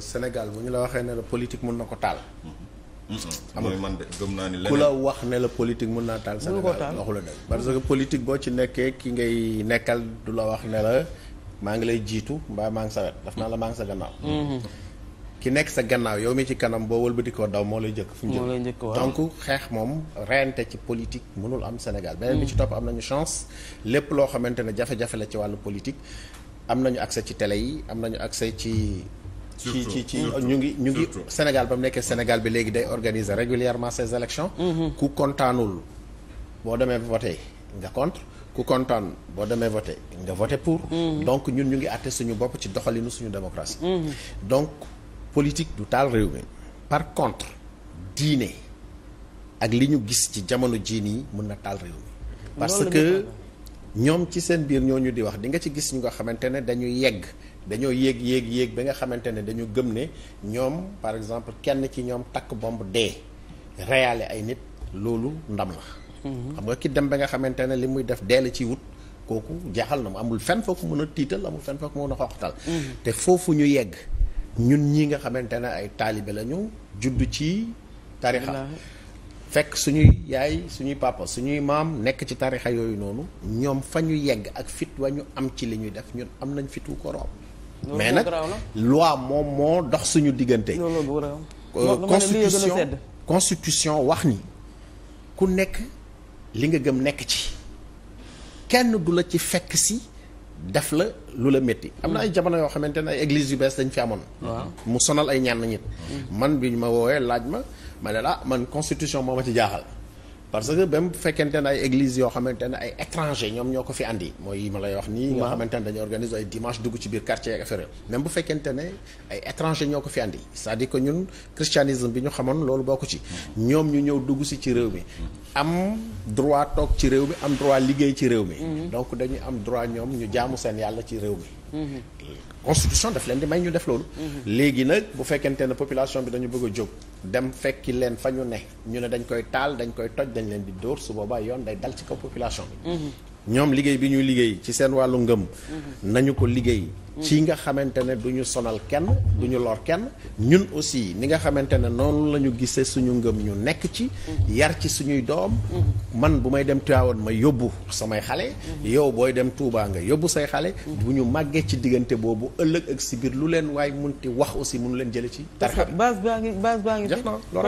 Sénégal bu ñu la waxee ne la politique mun na ko taal. Mm-hmm. Mm-hmm. am na man de naa ni leneen la wax ne la politique mun naa taal. Sénégal waxu la dëgg parce que politique boo ci nekkee ki ngay nekkal du la wax ne la maa ngi lay jiitu mbaa maa ngi sa wet daf naa la maa ngi sa gannaaw. Mm-hmm. ki nekk sa gannaaw yow mi ci kanam boo wëlbati koo daw moo lay jëkk fu ñu jël donc xeex moom rente ci politique mënul am Sénégal beneen bi ci topp am nañu chance lépp loo xamante ne jafe-jafe la ci wàllu politique am nañu accès ci tele yi am nañu accès ci ci ci ci ñu ngi ñu ngi Sénégal ba mu nekkee Sénégal bi léegi day organiser régulièrement ces élections mhm. ku kontaanul boo demee voté nga contre ku kontaan boo demee voté nga voté pour mhm. donc ñun ñu ngi àtte suñu bopp ci doxalinu suñu démocratie mhm. donc politique du taal réew mi par contre diine ak li ñu gis ci jamono jii nii mun na taal réew mi parce que ñoom ci seen biir ñooñu di wax di nga ci gis ñu nga xamante ne dañuy yegg dañoo yéeg yéeg yéeg ba nga xamante ne dañu gëm ne ñoom par exemple kenn ci ñoom takk bomb dee reyaale ay nit loolu ndam la. Mhm. xam nga ki dem ba nga xamante ne li muy def dee la ci wut. kooku jaaxal na mu amul fenn foo ko mën a tiital amul fenn foo ko mën a xoxtal mhm. te foofu ñu yegg ñun ñi nga xamante ne ay taalibe lañu judd ci tarixa fekk suñuy yaay suñuy papa suñuy maam nekk ci tarixa yooyu noonu ñoom fa ñu yegg ak fit wa ñu am ci li ñuy def ñun am nañ fitu ko room mais nag loi moom moo dox suñu diggante euh, constitution constitution wax ni ku nekk li nga gëm nekk ci kenn du la ci fekk si def la lu la métti am na ay jamono yoo xamante ne ay églises yu bees dañ fi amoon mu sonal ay ñaan ñenn nit man bi ñu ma woowee laaj ma ma ne la ah, man constitution moo ma ci jaaxal parce que même bu fekkente ne ay églises yoo xamante ne ay étrangers ñoom ñoo ko fi andi mooy yi ma lay wax nii. nga xamante ne dañuy organiser ay dimanche dugg ci biir quartier ak affaire même bu fekkente ne ay étrangers ñoo ko fi andi c'est-à-dire que ñun christianisme bi ñu xamoon loolu bokku ci. ñoom ñu ñëw dugg si ci réew mi. am droit toog ci réew mi am droit liggéey ci réew mi. Mm-hmm. donc dañuy am droit ñoom ñu jaamu seen yàlla ci réew mi. constitution def leen di may ñu def loolu. léegi nag bu fekkente ne population bi dañu bëgg a jóg. dem fekki leen fa ñu ne ñu ne dañ koy taal dañ koy toj dañ leen di dóor su boobaa yoon day dal ci kaw population bi. ñoom liggéey bi ñuy liggéey ci seen wàllu ngëm mhm. nañu ko liggéey mhm. ci nga xamante ne du sonal kenn du ñu lor kenn ñun aussi ni nga xamante ne noonu la ñu gisee suñu ngëm ñu nekk ci mhm. yar ci suñuy doom man bu may dem Tiwaawan ma yóbbu samay xale yow booy dem Tuubaa nga yóbbu say xale bu ñu màggee ci diggante boobu ëllëg ak si biir lu leen waaye munti wax aussi mënu leen jële ci tarxa ngi base